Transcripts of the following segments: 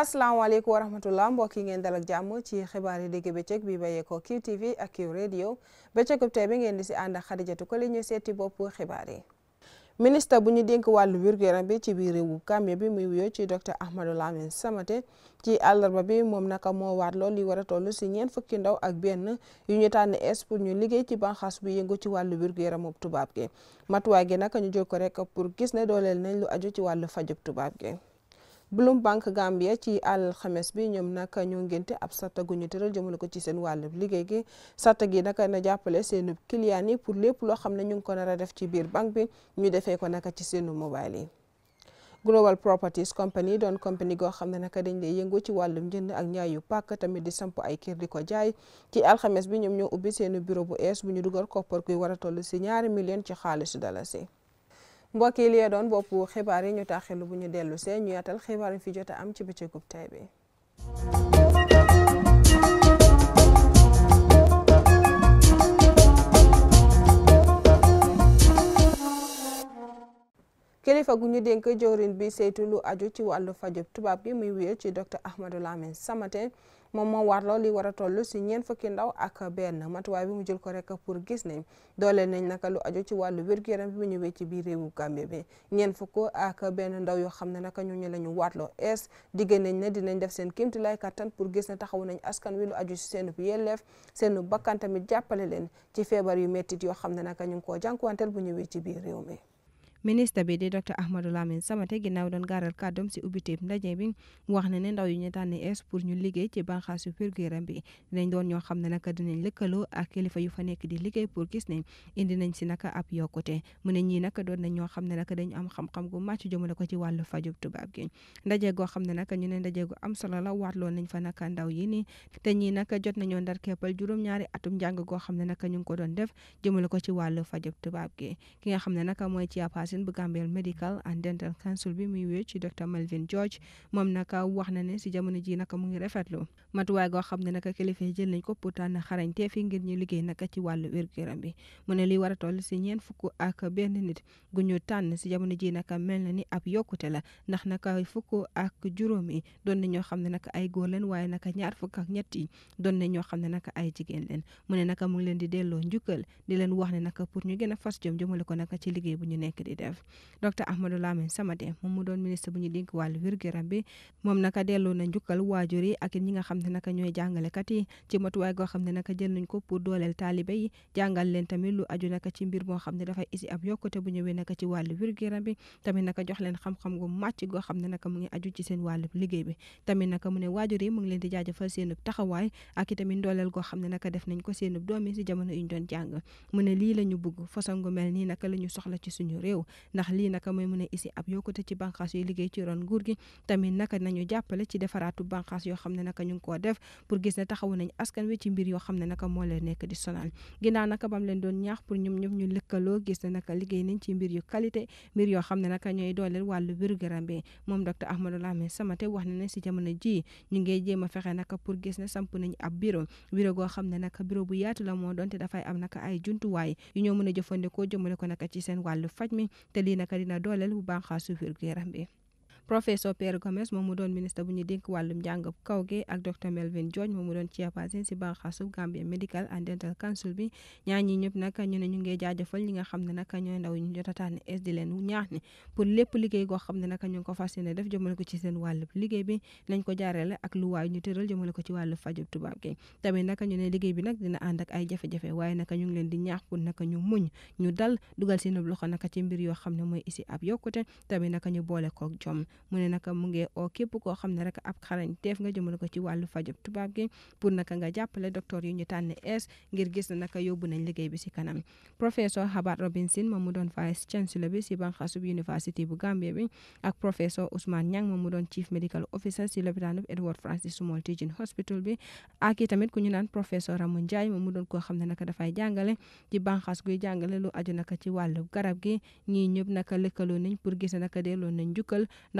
asalaamaaleykum wa rahmatullah mbokk yi ngeen dal ak jàmm ci xibaar yi digg bëccëg bi bàyyeekoo QTV ak Q radio bëccëgub tey bi ngeen di si ànd ak je Koli ñu seeti boppu xibaar yi. ministre bu ñu dénk wàllu wér-gu-yaram bi ci biir réewu Gambie bi muy wuyoo ci docteur Ahmadou Lamin Samate ci àllarba bi moom naka moo waat lool li war a toll si ñeent fukki ndaw ak benn yu ñu tànn es pour ñu liggéey ci banxaas bu yëngu ci wàllu wér-gu-yaramu tubaab gi matuwaay gi naka ñu jël ko rek pour gis ne dooleel nañ lu aju ci wàllu fajub tubaab gi. Bloombank Gambia ci alxames bi ñoom nag ñoo ngénte ab sarta gu ñu tëral ko ci seen wàllub liggéey gi sarta gi nag na jàppale seenub client yi pour lépp loo xam ne ñu ngi ko nar a def ci biir banque bi ñu defee ko naka ci seenu mobile yi. Global Properties Company doon company goo xam ne naka dañ lay yëngu ci wàllum njënd ak ñaayu pàkk tamit di samp ay kër di ko jaay ci alxames bi ñoom ñoo ubbi seenu bureau bu ees bu ñu dugal koppar kuy war a toll si ñaari million ci xaalisu dalasi. mbokk yi doon bopp xibaar yi ñu taxilu bu ñu dellu see ñu yaatal xibaar yi fi jot am ci bëccëgub tey bi kilifa gu ñu dénk jëwrin bi saytu lu aju ci wàllu fajub tubaab gi muy wéer ci docteur Ahmadou Lamine Samaté moom moo war li war a toll si ñeent fukki ndaw ak benn matuwaay bi mu jël ko rek pour gis ne doole nañ naka lu ajo ci wàllu wér-gu-yaram bi mu ñëwee ci biir réewu Gambie bi ñeent fukk ak benn ndaw yoo xam ne naka ñu ñu la waatloo es digge nañ ne dinañ def seen kéemti lay kattan pour gis ne taxaw nañ askan wi lu aju si seen yelleef seen bakkan tamit jàppale leen ci feebar yu mettit yoo xam ne naka ñu ngi koo jànkuwanteel bu ñëwee ci biir réew mi ministre bi di docteur ahmadou lamine samate ginaaw don garal kàddoom si ubbiteeb ndaje bi wax na ne ndaw yu ñu es pour ñu liggey ci banxasu wér bi dinañ doon ño xamne ne naka dinañ lëkkaloo ak kilifa yu fa nek di liggey pour gis ne indi nañ ci naka ap yokote mu ne naka doon na ño xamne naka dañu am xam-xam gu màcc jëmale ko ci walu fajub tubab gi ndaje go xamne naka ñu ne ndaje gu am solo la lo nañ fa naka ndaw yi ni te ñi naka jot nañu ndar keppal ñaari atum jang go xamne naka ñu ko doon def jëmale ko ci walu fajub tubab gi ki nga xamne naka ci Niassène bu Medical and Dental Council bi muy wéy ci Dr Melvin George mom naka wax na né si jamono ji naka mu ngi rafetlu matuwaay way go xamné naka kilifa jël nañ ko pourtant tànn xarañte fi ngir ñu liggéey naka ci walu wér bi mu né li wara toll si ñeen fukk ak benn nit gu ñu tànn jamono ji naka mel ni ab yokuté la ndax naka fukk ak juróom don na ñoo xamné naka ay goor leen naka ñaar fukk ak ñetti don na ñoo xamné naka ay jigéen leen mu né naka mu ngi leen di di leen wax né naka pour ñu gëna fas jëm jëmul ko naka ci liggéey bu ñu nekk di def docteur Ahmadou Lamine Samadé moom mu doon ministre bu ñu dénk wàllu wér-gu-yaram bi moom naka delloo na njukkal waajur yi ak ñi nga xam ne naka ñooy jàngalekat yi ci matuwaay goo xam ne naka jël nañ ko pour dooleel taalibe yi jàngal leen ab yokkute bu ñëwee naka ci naka jox leen xam-xam gu màcc goo xam ne naka mu ngi xam naka def nañ ko seenub si jamono yuñ doon jàng mu ne lii la ñu naka la ñu ci suñu réew ndax lii naka mooy mën a isi ab yokkute ci bànqaas yuy liggéey ci ron nguur gi tamit naka nañu jàppale ci defaraatu bànqaas yoo xam ne naka ñu ngi koo def pour gis ne nañ askan wi ci mbir yoo xam ne naka moo leen nekk di sonal ginnaaw naka bam leen doon ñaax pour ñoom ñoom ñu lëkkaloo gis ne naka liggéey nañ ci mbir yu qualité mbir yoo xam ne naka ñooy dooleel wàllu wér-gu-yaram bi moom docteur Ahmadou Lamine Samaté wax na ne si jamono ji ñu ngi jéem a fexe naka pour gis ne samp nañ ab bureau bureau goo xam ne naka bureau bu yaatu la moo doon te dafay am naka ay jumtuwaay yu ñoo mën a jëfandikoo jëmale ko naka ci seen wàllu faj mi te lii naka dina dooleel bu baax su wér bi professeur Pierre Gomes moom doon ministre bu ñu dénk wàllum njàng kaw gi ak docteur Melvin George moom mu doon chairperson si banxaasu Gambia Medical and Dental Council bi ñaar ñi ñëpp nag ñu ne ñu ngi jaajëfal ñi nga xam ne nag ñooy ndaw ñu jot a leen ñaax ne pour lépp liggéey goo xam ne naka ñu ko fas yéene def jëmale ko ci seen wàllub liggéey bi nañ ko jaareele ak lu waay ñu tëral jëmale ko ci wàllu fajub tubaab gi tamit naka ñu ne liggéey bi nag dina ànd ak ay jafe-jafe waaye nag ñu ngi leen di ñaax pour nag ñu muñ ñu dal dugal seen loxo nag ci mbir yoo xam ne mooy isi ab yokkute tamit nag ñu boole kook jom mu ne naka mu ngi oo képp koo xam ne rek ab xarañ teef nga jëmale ko ci wàllu fajub tubaab gi pour naka nga jàppale docteur yu ñu tànn es ngir gis na naka yóbbu nañ liggéey bi si kanam professeur Habat Robinson moom mu doon vice chancellor bi si banxasub university bu Gambia bi ak professeur Ousmane Niang moom mu doon chief medical officer si lopitaanub Edward Francis Small Teaching Hospital bi ak i tamit ku ñu naan professeur Ramon Ndiaye moom mu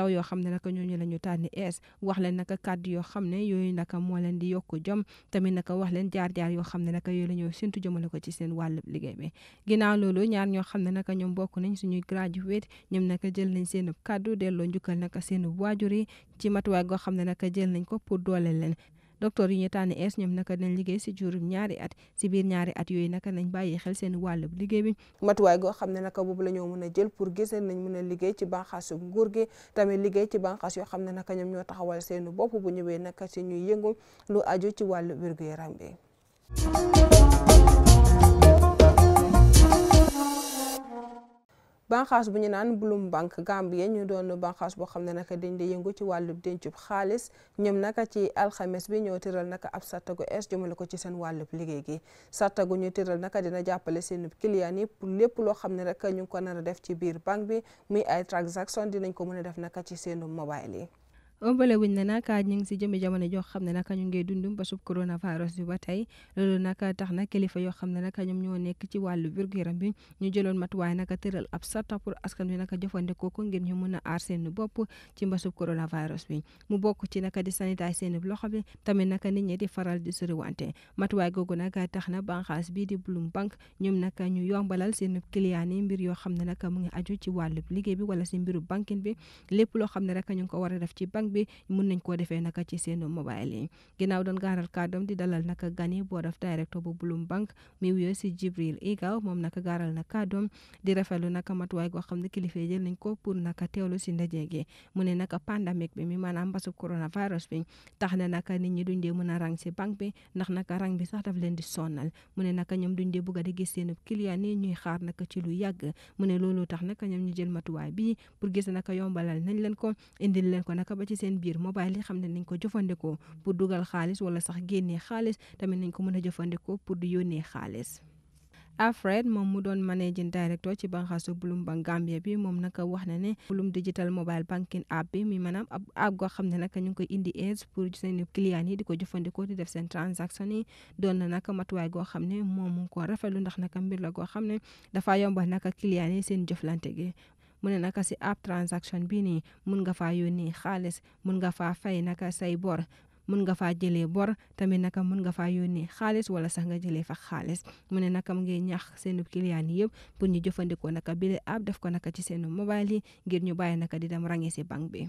ndaw yoo xam ne naka ñooñu la ñu tànn es wax leen naka kàddu yoo xam ne yooyu naka moo leen di yokk jom tamit naka wax leen jaar-jaar yoo xam ne naka yo la ñoo séntu jëmale ko ci seen wàllu liggéey bi ginnaaw loolu ñaar ñoo xam ne naka ñoom bokk nañ suñuy graduate ñoom naka jël nañ seen kàddu delloo njukkal naka seen waajur yi ci matuwaay goo xam ne naka jël nañ ko pour doole leen docteur yi ñu tànn es ñoom naka nañ liggéey si juróom ñaari at si biir ñaari at yooyu naka nañ bàyyi xel seen wàllu liggéey bi matuwaay goo xam ne naka boobu la ñoo mën a jël pour gis nañ mën a liggéey ci banxaasu nguur gi tamit liggéey ci banxaas yoo xam ne naka ñoom ñoo taxawal seenu bopp bu ñëwee naka si ñuy yëngu lu aju ci wàllu wér-gu-yaram bi banxaas bu ñu naan Bloom Bank Gambie ñu doon banxaas boo xam ne naka dañ di yëngu ci wàllu dencub xaalis ñoom naka ci alxames bi ñoo tëral naka ab sàttagu es jëmale ko ci seen wàllub liggéey gi sàttagu ñu tëral naka dina jàppale seen client yi pour lépp loo xam ne rek ñu ngi ko nar a def ci biir banque bi muy ay transaction dinañ ko mën a def naka ci seenu mobile yi ëmbale wuñ ne nag ñu ngi si jëmi jamono joo xam ne nag ñu ngi dundum ba sub coronavirus bi ba tey loolu nag tax na kilifa yoo xam ne nag ñoom ñoo nekk ci wàllu wér-gu-yaram bi ñu jëloon matuwaay nag tëral ab sarta pour askan wi nag jëfandikoo ko ngir ñu mun a aar seen bopp ci mbasub coronavirus bi mu bokk ci nag di sanitaay seen loxo bi tamit nag nit ñi di faral di soriwante matuwaay googu nag tax na banxaas bii di Bloom Bank ñoom nag ñu yombalal seen client yi mbir yoo xam ne nag mu ngi aju ci wàllu liggéey bi wala si mbiru bankin bi lépp loo xam ne rek ñu ngi ko war a def ci bank bank bi mun nañ koo defee naka ci seen mobile yi ginnaaw doon gaaral di dalal naka gani board of director bu Bloom Bank mi wuyoo si Jibril Igaw moom naka gaaral na kàddoom di rafetlu naka matuwaay goo xam ne kilifa yi jël nañ ko pour naka teewlu si ndaje gi mu ne naka pandemic bi mi maanaam mbasub coronavirus bi tax na naka nit ñi duñ dee mën a rang si bank bi ndax naka rang bi sax daf leen di sonnal mu ne naka ñoom duñ dee bugg a di gis seen client ni ñuy xaar naka ci lu yàgg mu ne loolu tax naka ñoom bi pour gis naka yombalal nañ ci seen biir mobile yi xam ne nañ ko jëfandikoo pour dugal xaalis wala sax génnee xaalis tamit nañ ko mën a jëfandikoo pour di yónnee xaalis. Afred moom mu doon managing director ci banxaasu Bloom Bank Gambia bi moom naka wax na ne Bloom digital mobile banking app bi mi maanaam ab app goo xam ne naka ñu ngi koy indi aids pour seen clients yi di ko jëfandikoo di def seen transaction yi doon na naka matuwaay goo xam ne moom mu ngi ko rafetlu ndax naka mbir la goo xam ne dafa yombal naka clients yi seen jëflante gi mu ne naka si app transaction bi nii mun nga faa yónnee xaalis mun nga faa fay naka say bor mun nga faa jëlee bor tamit naka mun nga faa yónnee xaalis wala sax nga jëlee fa xaalis mu ne naka mu ngi ñaax seen client yëpp pour ñu jëfandikoo naka bile app def ko naka ci seen mobile yi ngir ñu bàyyi naka di dem rangi si banque bi.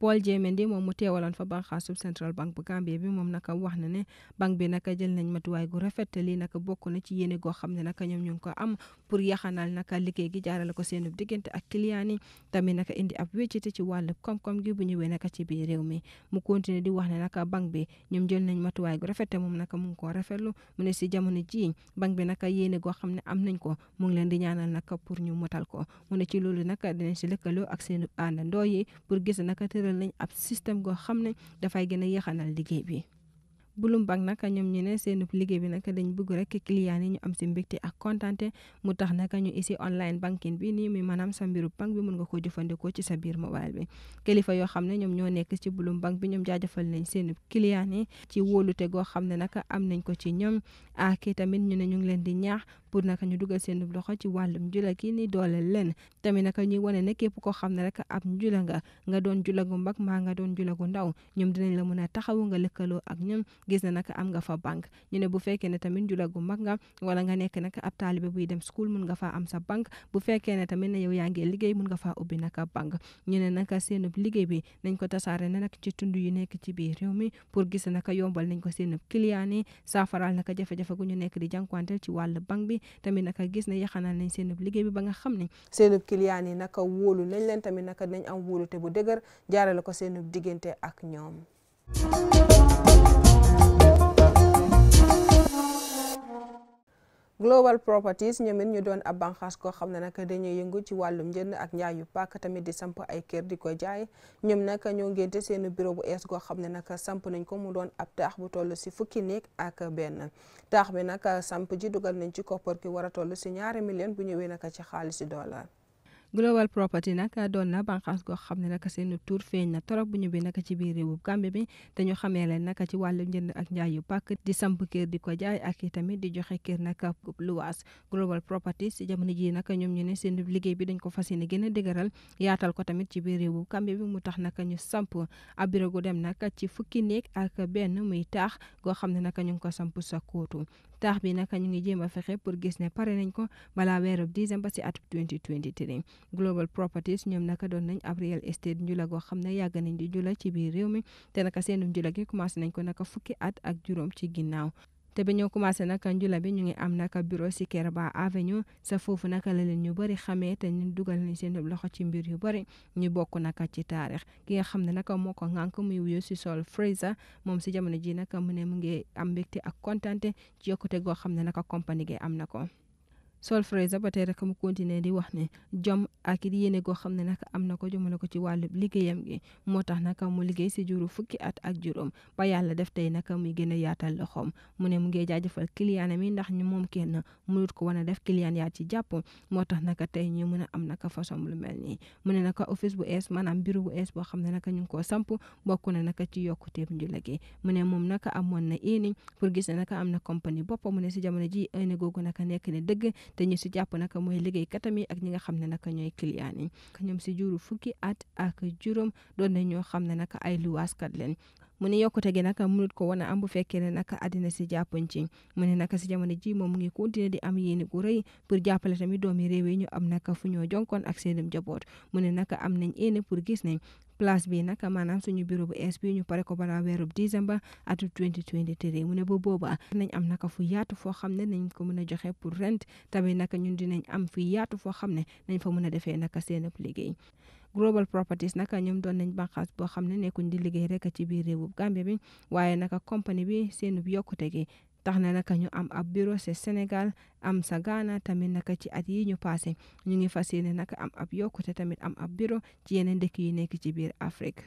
Paul J Mendy moom mu teewaloon fa banxaasu Central Bank bu Gambie bi moom naka wax na ne banque bi naka jël nañ matuwaay gu rafet lii naka bokk na ci yéene goo xam ne naka ñoom ñu ngi ko am pour yaxanal naka liggéey gi jaarale ko seen diggante ak client yi tamit naka indi ab wéccite ci wàllu koom mu di wax ne naka banque bi ñoom jël nañ matuwaay gu rafet moom naka mu ngi koo rafetlu mu ne si jamono jii banque bi naka yéene goo xam ne am nañ ko mu ngi leen di ñaanal naka pour ñu motal ko mu ne ci loolu naka dinañ si lëkkaloo ak seen àndandoo yi pour gis naka tëral tëraloon nañ ab système goo xam ne dafay gën a yéexanal liggéey bi Bloomberg nag ñoom ñu ne seen liggéey bi nag dañ bëgg rek client yi ñu am si mbégte ak kontante mu tax naka ñu isi online banking bi nii mi maanaam sa mbiru banque bi mën nga ko jëfandikoo ci sa biir mobile bi kilifa yoo xam ne ñoom ñoo nekk ci Bloomberg bi ñoom jaajëfal nañ seen client yi ci wóolute goo xam ne nag am nañ ko ci ñoom ak tamit ñu ne ñu ngi leen di ñaax pour nak ñu duggal seen loxo ci walum jula ki ni dooleel len tamit nak ñi wone ne kep ko xamne rek ab jula nga nga doon jula gu mag ma nga doon jula gu ndaw ñom dinañ la mëna taxaw nga lëkkaloo ak ñom gis na nak am nga fa bank ñu ne bu fekke ne tamit jula gu mag nga wala nga nek nak ab talibé bu dem school mën nga fa am sa bank bu fekke ne tamit ne yow ya ngi liggéey mën nga fa ubbi naka bank ñu ne naka seen liggéey bi nañ ko tassaré ne ci tundu yu nek ci biir réew mi pour gis naka yombal nañ ko seen client yi saafaral naka jafé jafe gu ñu nek di jankwante ci wàll bank bi yi tamit naka gis ne yaxanal nañ seen liggéey bi ba nga xam ne seen client yi naka wóolu nañ leen tamit naka nañ am wóolute bu dëgër jaarale ko seen diggante ak ñoom Global Properties ñoom it ñu doon ab banqaas koo xam ne nag dañuy yëngu ci wàllum njënd ak njaay yu pàkk tamit di samp ay kër di ko jaay ñoom nag ñoo ngénte seenu bureau bu es goo xam ne nag samp nañ ko mu doon ab taax bu toll si fukki néeg ak benn taax bi nag samp ji dugal nañ ci koppar ki war a toll si ñaari million bu ñëwee nag ci xaalisi dollar global property nag doon na bànqaas goo xam ne nag seen tur feeñ na torop bu ñu bi nag ci biir réewub Gambie bi dañu ñu xamee leen nag ci wàllu njënd ak jaay yu pàkk di samp kër di ko jaay ak tamit di joxe kër nag luwaas global property si jamono ji nag ñoom ñu ne seen liggéey bi dañ ko fas yéene gën a dëgëral yaatal ko tamit ci biir réewub Gambie bi mu tax naka ñu samp ab bureau gu dem nag ci fukki néeg ak benn muy taax goo xam ne nag ñu ngi ko samp sa kóotu taax bi naka ñu ngi jéem a fexe pour gis ne pare nañ ko balaa weerub décembre si at atub 2023 global properties ñoom naka doon nañ ab real estate njula goo xam ne yàgg nañ di jula ci biir réew mi te naka seenum njula gi commencé nañ ko naka fukki at ak juróom ci ginnaaw te ba ñoo commencé nag njula bi ñu ngi am nag bureau si Kerba Avenue sa foofu naka la leen ñu bëri xamee te ñu dugal nañ seen loxo ci mbir yu bëri ñu bokk nag ci taarix ki nga xam ne nag moo ko ŋànk muy si Sol Fraser moom si jamono ji nag mu ne mu ngi am mbégte ak kontaante ci goo xam ne nag compagnie gi am na ko. Sol Fraser ba tey rek mu continué di wax ne jom ak it yéene goo xam ne nag am na ko jëmale ko ci wàllu liggéeyam gi moo tax nag mu liggéey si juru fukki at ak juróom ba yàlla def tey nag muy gën a yaatal loxoom mu ne mu ngi jaajëfal kiliyaanam yi ndax ñu moom kenn mënut ko wan a def kiliyaan yaa ci jàpp moo tax nag tey ñu mën a am nag façon lu mel nii mu ne nag office bu ees maanaam mbiru bu ees boo xam ne nag ñu ngi koo samp bokk na nag ci yokkuteeb njula gi mu ne moom nag amoon na yéene pour gis nag am na compagnie boppam mu ne si jamono ji yéene googu nag nekk ne te ñu si jàpp nag mooy liggéeykatam yi ak ñi nga xam ne nag ñooy client yi ñoom si juru fukki at ak juróom doon na ñoo xam ne nag ay luwaaskat leen mu ne yokkute gi nag mënut ko wane am bu fekkee ne nag àddina si jàppuñ ci mu ne nag si jamono ji moom mu ngi continué di am yéene gu rëy pour jàppale tamit doomi réew yi ñu am nag fu ñoo jonkoon ak seenum jaboot mu ne nag am nañ yéene pour gis nañ place bi nag maanaam suñu bureau bu es bi ñu pare ko balaa weerub décembre atu 2023 mu ne bu booba nañ am naka fu yaatu foo xam ne nañ ko mën a joxe pour rent tamit naka ñun dinañ am fu yaatu foo xam ne nañ fa mën a defee naka seen ab liggéey global properties nag ñoom doon nañ banqaas boo xam ne nekkuñ di liggéey rek ci biir réewub Gambie bi waaye naka compagnie bi seenub yokkute gi tax na naka ñu am ab biro ci Sénégal am sa Ghana tamit naka ci at yi ñu passé ñu ngi fas yéene naka am ab yokkute tamit am ab bureau ci yeneen dëkk yi nekk ci biir Afrique.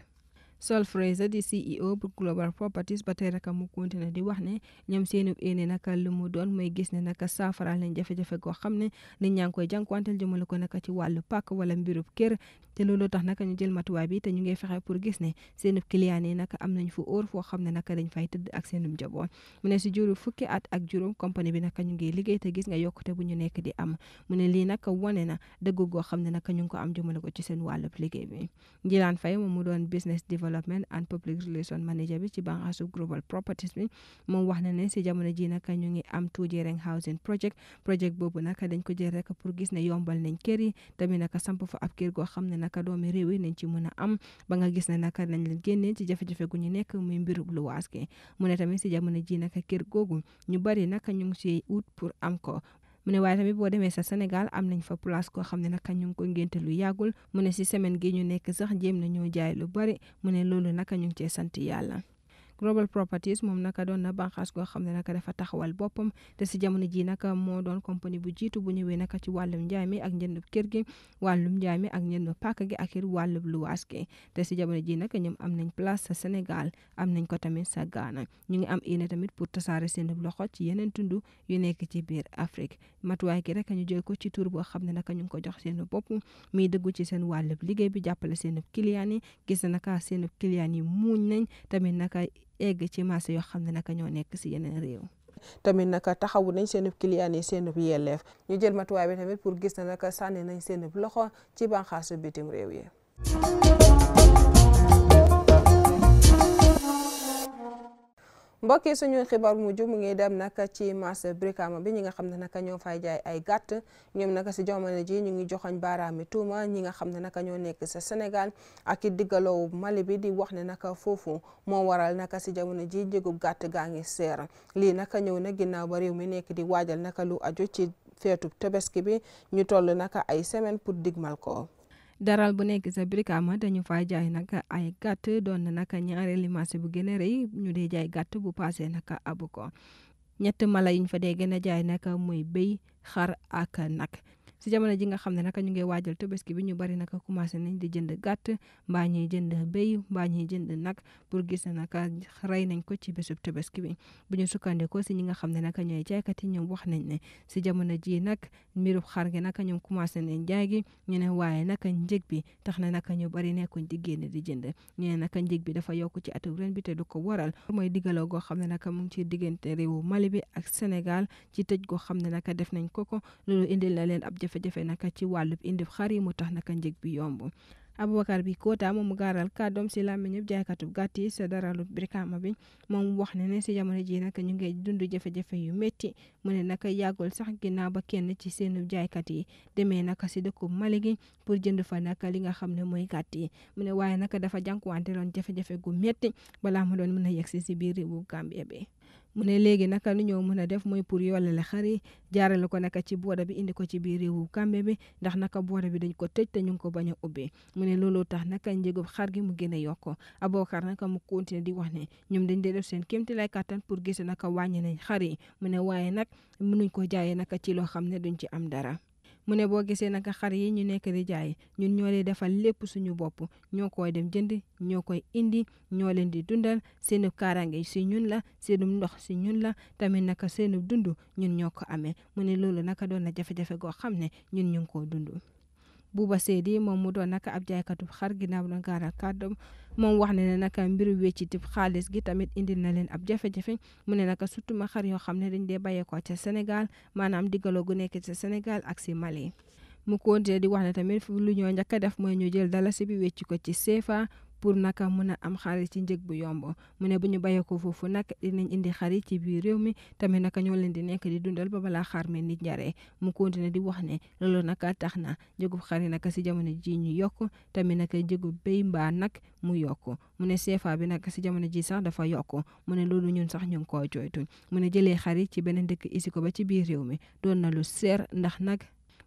Sol Fraser di CEO bu Global Properties ba tey rek mu continue di wax ne ñoom seeni yéene naka lu mu doon mooy gis ne naka saafara leen jafe-jafe goo xam ne nit ñaa ngi koy jànkuwanteel jëmale ko naka ci wàllu pàkk wala mbirub kër te loolu tax nag ñu jël matuwaay bi te ñu ngi fexe pour gis ne seen client yi nag am nañ fu óor foo xam ne nag dañ fay tëdd ak seenum jaboon mu ne si juróom fukki at ak juróom compagnie bi nag ñu ngi liggéey te gis nga yokkute bu ñu nekk di am mu ne lii nag wane na dëgg goo xam ne nag ñu ngi ko am jëmale ko ci seen wàllub liggéey bi Njilaan Faye moom mu doon business development and public relations manager bi ci banxaasu global properties bi moom wax na ne si jamono ji nag ñu ngi am tuuti reng housing project project boobu nag dañ ko jël rek pour gis ne yombal nañ kër yi tamit nag samp fa ab kër goo xam ne naka doomi réew yi nañ ci mën a am ba nga gis ne naka nañ leen génnee ci jafe-jafe gu ñu nekk muy mbirub luwaas gi mu ne tamit si jamono ji naka kër googu ñu bari naka ñu ngi ciy ut pour am ko mu ne waaye tamit boo demee sa Sénégal am nañ fa place koo xam ne naka ñu ngi ko ngénte lu yàggul mu ne si semaine gi ñu nekk sax jéem na ñoo jaay lu bari mu ne loolu naka ñu ngi cee sant yàlla Global Properties moom naka doon na banqaas goo xam ne naka dafa taxawal boppam te si jamono ji naka moo doon compagnie bu jiitu bu ñëwee naka ci wàllum njaay mi ak njënd kër gi wàllum njaay mi ak njënd pàkk gi ak it wàllum luwaas gi te si jamono ji naka ñoom am nañ place sa Sénégal am nañ ko tamit sa Ghana ñu ngi am yéene tamit pour tasaare seen loxo ci yeneen tund yu nekk ci biir Afrique matuwaay gi rek ñu jël ko ci tur boo xam ne naka ñu ngi ko jox seen bopp muy dëggu ci seen wàllub liggéey bi jàppale seen kiliyaan yi gis na seen kiliyaan yi muuñ nañ tamit naka egg ci marché yoo xam ne naka ñoo nekk si yeneen réew. tamit naka taxawu nañ seen client yi seen yelleef ñu jël matuwaay bi tamit pour gis na naka sànni nañ seen loxo ci bànqaasu bitim réew yi. mbokk yi suñu xibaar mujj mu ngi dem nag ci marché Brikama bi ñi nga xam ne nag ñoo fay jaay ay gàtt ñoom nag si jamono ji ñu ngi joxoñ baaraami tuuma ñi nga xam ne nag ñoo nekk sa senegal ak i diggaloowu Mali bi di wax ne nag foofu moo waral naka si jamono ji njëgub gàtt gaa ngi seer lii nag ñëw na ginnaaw ba mi nekk di waajal nag lu aju ci feetu tabaski bi ñu toll nag ay semaine pour digmal ko daral bu nekk sa Brikama dañu faa jaay nag ay gàtt doon na nag ñaareeli marché bu gën a rëy ñu dee jaay gàtt bu paasee nag abu ko ñett mala yiñ fa dee gën a jaay nag muy béy xar ak nag si jamono ji nga xam ne naka ñu ngi waajal tabaski bi ñu bari naka commencé nañ di jënd gàtt mbaa ñuy jënd béy mbaa ñuy jënd nag pour gis ne naka rey nañ ko ci bésub tabaski bi bu ñu sukkandikoo si ñi nga xam ne naka ñooy jaaykat yi ñoom wax nañ ne si jamono ji nag mbirub xar gi naka ñoom commencé nañ jaay gi ñu ne waaye naka bi tax na naka ñu bari nekkuñ di génn di jënd ñu njëg bi dafa yokk ci atub ren bi du ko waral mooy diggaloo goo xam ne naka mu ngi diggante réewu Mali bi ak Sénégal ci tëj goo xam ne naka def nañ ko ko indil na ab jafe-jafe naka ci wàllub indi xar yi mu tax naka njëg bi yomb Aboubacar bi Kota moom mu gaaral kàddoom si làmmiñub jaaykatub gàtt yi sa daralu Brikama bi moom wax ne ne si jamono ji naka ñu ngi dund jafe yu métti mu ne naka yàggul sax ginnaaw ba kenn ci seen jaaykat yi demee naka si dëkkub Mali gi pour jënd fa naka li nga xam ne mooy gàtt yi mu ne waaye naka dafa jànkuwante loon jafe-jafe gu métti balaa mu doon mën a yegsi si biir réewu Gambie bi mu ne léegi naka nu ñoo mën a def mooy pour yoolale xar yi jaarale ko naka ci booda bi indi ko ci biir réewu Gàmbi bi ndax naka booda bi dañ ko tëj te ñu ngi ko bañ a ubbi mu ne looloo tax naka njëgub xar gi mu gën a yokk Aboukar naka mu continué di wax ne ñoom dañ dee def seen kéemti lay kàttan pour gis naka wàññi nañ xar yi mu ne waaye nag mënuñ ko jaayee naka ci loo xam ne duñ ci am dara mu ne boo gisee naka xar yi ñu nekk di jaay ñun ñoo leen defal lépp suñu bopp ñoo koy dem jënd ñoo koy indi ñoo leen di dundal seenu kaaraange si ñun la seenu ndox si ñun la tamit naka seenu dund ñun ñoo ko amee mu ne loolu naka doon na jafe-jafe goo xam ne ñun ñu ngi koo dund Buuba Seydi moom mu doon nag ab jaaykatub xar ginnaaw doon gaaral kàddoom moom wax ne ne nag mbiru wéccitib xaalis gi tamit indil na leen ab jafe mu ne nag surtout ma xar yoo xam ne dañ dee bàyyeekoo ca Sénégal maanaam diggaloo gu nekk ci Sénégal ak si Mali mu continué di wax ne tamit lu ñoo njëkk def mooy ñu jël dalasi bi wécci ko ci CFA pour nag mën a am xaalis ci njëg bu yomb mu ne bu ñu bàyyeekoo foofu nag dinañ indi xar yi ci biir réew mi tamit nag ñoo leen di nekk di dundal ba balaa xaar mi ni njare mu continué di wax ne loolu nag tax na njëgub xar nag si jamono ji ñu yokk tamit nag njëgub béy mbaa nag mu yokk mu ne CFA bi nag si jamono ji sax dafa yokk mu ne loolu ñun sax ñu ngi koo jooytu mu ne jëlee xar yi ci beneen dëkk isi ko ba ci biir réew mi doon na lu ser ndax nag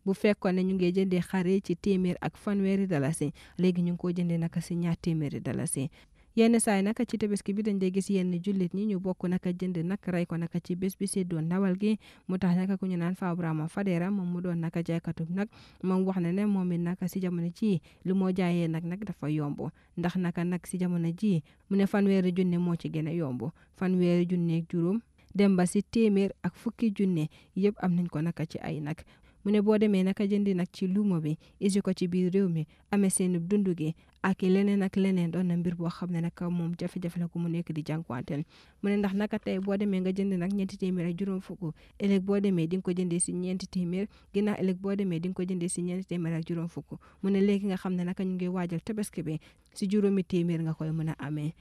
bu fekkoon ne ñu ngi jëndee xar ci téeméer ak fanweeri dalasi léegi ñu ngi ko jëndee naka si ñaar téeméeri dalasi yenn saay naka ci tabaski bi dañ dee gis yenn jullit ñi ñu bokk naka jënd nag rey ko naka ci bés bi séddoo ndawal gi mu tax naka ku ñu naan Fa Brahma Fadera moom mu doon naka jaaykatub nag moom wax na ne moom it naka si jamono jii lu moo jaayee nag nag dafa yomb ndax naka nag si jamono ji mu ne fanweeri junne moo ci gën a yomb fanweeri junneeg juróom dem si téeméer ak fukki junne yëpp am nañ ko naka ci ay nag mu ne boo demee naka jëndi nag ci luuma bi isi ko ci biir réew mi amee seen dund gi ak leneen ak leneen doon na mbir boo xam ne nag moom jafe-jafe la ko mu nekk di jànkuwanteel mu ne ndax naka tey boo demee nga jënd nag ñeenti téeméer ak juróom fukk ëllëg boo demee di nga ko jëndee si ñeenti téeméer ginnaaw ëllëg boo demee di nga ko jëndee si ñeenti téeméer juróom fukk mu ne léegi nga xam ne naka ñu ngi waajal tabaski bi si juróomi téeméer nga koy mën a amee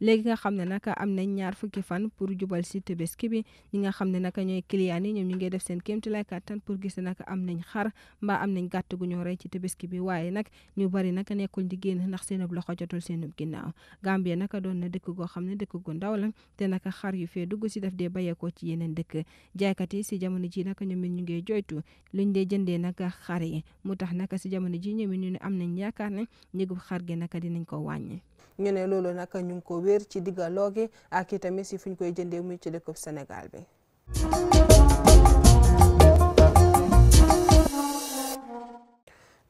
léegi nga xam ne naka am nañ ñaar fukki fan pour jubal si Tabaski bi ñi nga xam ne naka ñooy client yi ñoom ñu ngi def seen kéemtalaay kàttan pour gis naka am nañ xar mbaa am nañ gàtt gu ci Tabaski bi waaye nag ñu bari naka nekkuñ di génn ndax seenub loxo jotul seenub ginnaaw Gambie naka doon na dëkk goo xam ne dëkk gu ndaw la te naka xar yu fee dugg si daf dee bayeekoo ci yeneen dëkk jaaykat yi si jamono ji naka ñoom ñu ngi joytu luñ dee jëndee naka xar yi mu tax naka si jamono ji ñoom ñu ne am nañ yaakaar ne njëgub xar gi naka dinañ ko wàññi ñu ne loolu nag ñu ngi ko wér ci diggaloo gi ak itamit si fu ñu koy jëndee muy ci dëkkub Sénégal bi.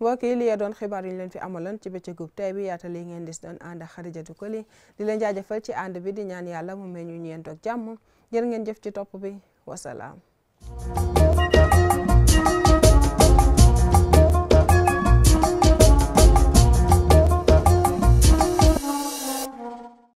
mbokk yi li doon xibaar yu ñu leen fi amaloon ci bëccëgub tey bi yaata li ngeen dis doon ànd ak Xadijatu Koli di leen jaajëfal ci ànd bi di ñaan yàlla mu may ñu ñeent ak jàmm jërë ngeen jëf ci topp bi wasalaam.